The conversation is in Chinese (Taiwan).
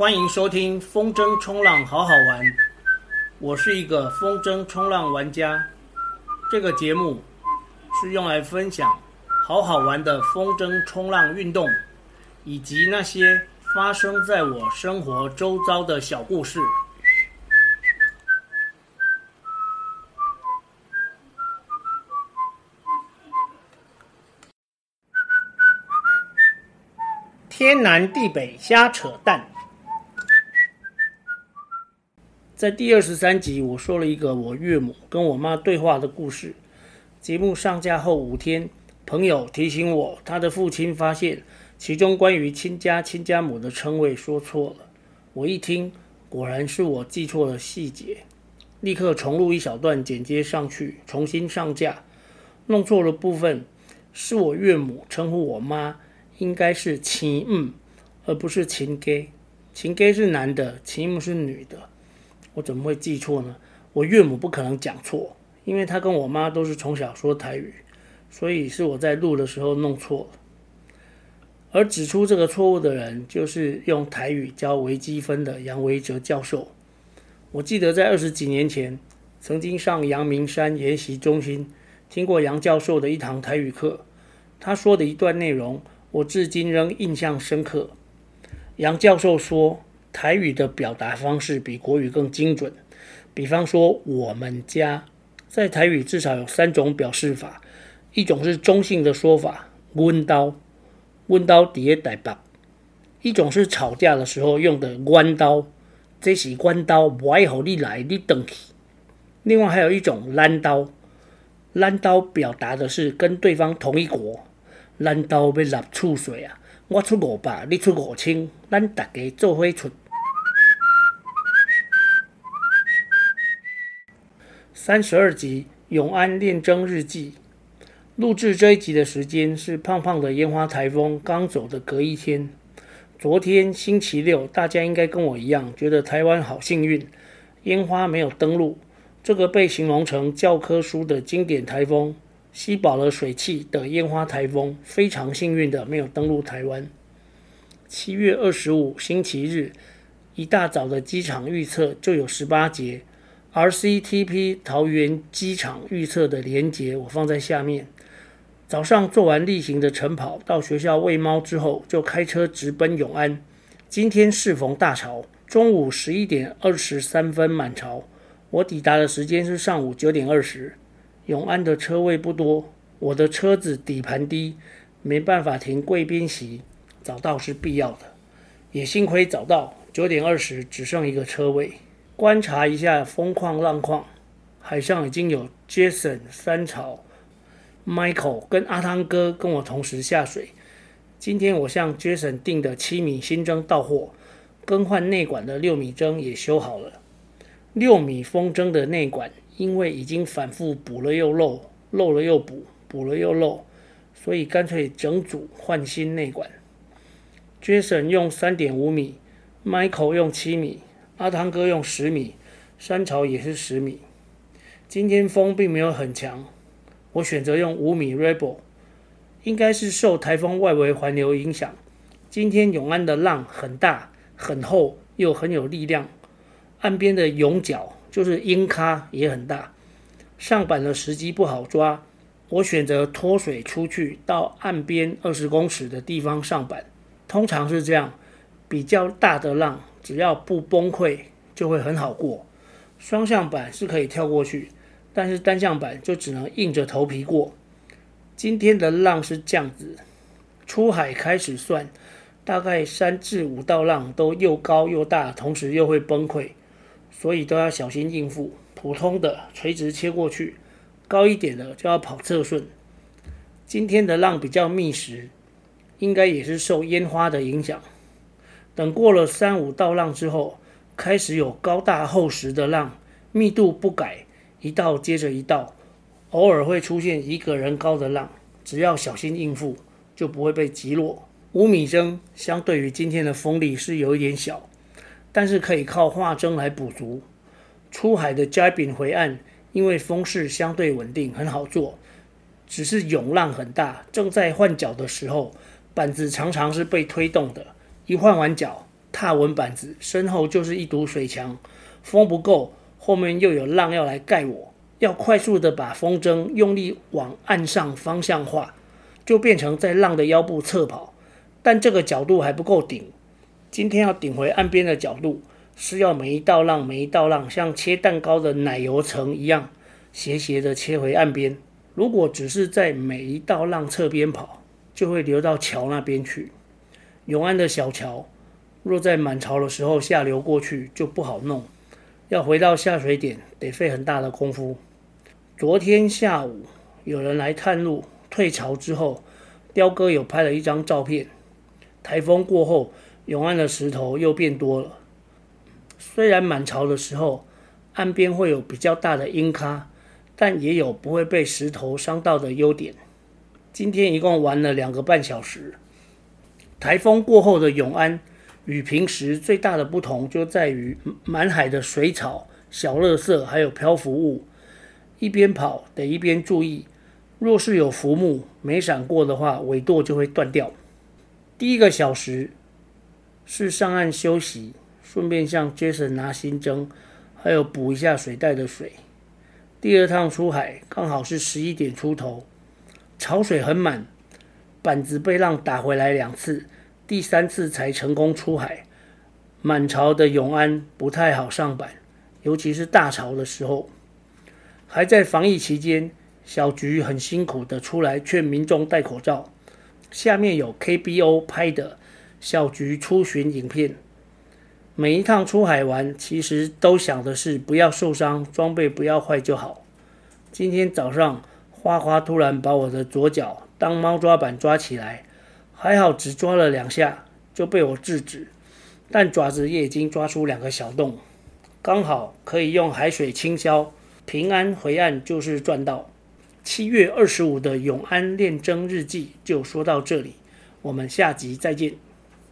歡迎收聽風箏衝浪，好好玩。我是一個風箏衝浪玩家。這個節目是用來分享好好玩的風箏衝浪運動，以及那些發生在我生活周遭的小故事。天南地北瞎扯淡。在第二十三集，我說了一個我岳母跟我媽對話的故事。節目上架後五天，朋友提醒我，他的父親發現其中關於親家、親家母的稱謂說錯了。我一聽，果然是我記錯了細節，立刻重錄一小段剪接上去，重新上架。弄錯了部分是我岳母稱呼我媽應該是親母，嗯，而不是親家。親家是男的，親母是女的。我怎麼會記錯呢？我岳母不可能講錯，因為她跟我媽都是從小說台語，所以是我在錄的時候弄錯，而指出這個錯誤的人，就是用台語教微積分的楊維哲教授。我記得在二十幾年前，曾經上陽明山研習中心聽過楊教授的一堂台語課，他說的一段內容，我至今仍印象深刻。楊教授說。台語的表達方式比國語更精準，比方說我們家在台語至少有三種表示法，一種是中性的說法，溫刀，溫刀底葉帶把；一種是吵架的時候用的彎刀，這是彎刀歪好你來你等去；另外還有一種爛刀，爛刀表達的是跟對方同一國，爛刀被入厝水啊。我出五百，你出五千，咱大家做伙出。三十二集《永安練箏日記》錄制這一集的時間是胖胖的烟花台風剛走的隔一天。昨天星期六，大家應該跟我一樣，覺得台灣好幸運，烟花沒有登陸。這個被形容成教科書的經典台風。吸飽了水汽的煙花颱風，非常幸運的沒有登陸台灣。七月二十五星期日一大早的機場預測就有十八節。RCTP 桃園機場預測的連結我放在下面。早上做完例行的晨跑，到學校餵貓之後，就開車直奔永安。今天適逢大潮，中午十一點二十三分滿潮，我抵達的時間是上午九點二十。永安的車位不多，我的車子底盤低，沒辦法停貴賓席，找到是必要的，也幸虧找到。九點二十只剩一個車位，觀察一下風況浪況，海上已經有 Jason 三潮，Michael 跟阿湯哥跟我同時下水。今天我向 Jason 訂的七米新箏到貨，更換內管的六米箏也修好了。六米風箏的內管，因為已經反覆補了又漏，漏了又補，補了又漏，所以乾脆整組換新內管。Jason 用三點五米，Michael 用七米，阿湯哥用十米，山潮也是十米。今天風並沒有很強，我選擇用五米 Rebel，應該是受颱風外圍環流影響。今天永安的浪很大，很厚又很有力量。岸邊的湧角就是陰咖也很大，上板的時機不好抓，我選擇脫水出去到岸邊二十公尺的地方上板，通常是這樣，比較大的浪只要不崩潰就會很好過，雙向板是可以跳過去，但是單向板就只能硬着頭皮過。今天的浪是這樣子，出海開始算，大概三至五道浪都又高又大，同時又會崩潰。所以都要小心應付，普通的垂直切過去，高一點的就要跑側順。今天的浪比較密實，應該也是受煙花的影響。等過了三五道浪之後，開始有高大厚實的浪，密度不改，一道接着一道，偶爾會出現一個人高的浪，只要小心應付，就不會被擊落。五米箏相對於今天的風力是有一點小。但是可以靠畫箏來補足。出海的夾板回岸，因為風勢相對穩定，很好做。只是湧浪很大，正在換腳的時候，板子常常是被推動的。一換完腳，踏穩板子，身後就是一堵水牆。風不夠，後面又有浪要來蓋我，要快速地把風箏用力往岸上方向畫，就變成在浪的腰部側跑。但這個角度還不夠頂。今天要頂回岸邊的角度，是要每一道浪每一道浪像切蛋糕的奶油層一樣斜斜的切回岸邊。如果只是在每一道浪側邊跑，就會流到橋那邊去。永安的小橋，若在滿潮的時候下流過去，就不好弄。要回到下水點，得費很大的功夫。昨天下午有人來探路，退潮之後，雕哥有拍了一張照片。颱風過後。永安的石頭又變多了。雖然滿潮的時候岸邊會有比較大的陰咖，但也有不會被石頭傷到的優點。今天一共玩了兩個半小時。颱風過後的永安與平時最大的不同就在於滿海的水草、小垃圾還有漂浮物。一邊跑得一邊注意，若是有浮木沒閃過的話，尾舵就會斷掉。第一個小時。是上岸休息，順便向 Jason 拿新箏，還有補一下水袋的水。第二趟出海剛好是十一點出頭，潮水很滿，板子被浪打回來兩次，第三次才成功出海。滿潮的永安不太好上板，尤其是大潮的時候。還在防疫期間，小橘很辛苦的出來勸民眾戴口罩。下面有 KBO 拍的。小橘出巡影片，每一趟出海玩，其實都想的是不要受傷，裝備不要壞就好。今天早上，花花突然把我的左腳當貓抓板抓起來，還好只抓了兩下就被我制止，但爪子也已經抓出兩個小洞，剛好可以用海水清消，平安回岸就是賺到。七月二十五的永安練箏日記就說到這裡，我們下集再見。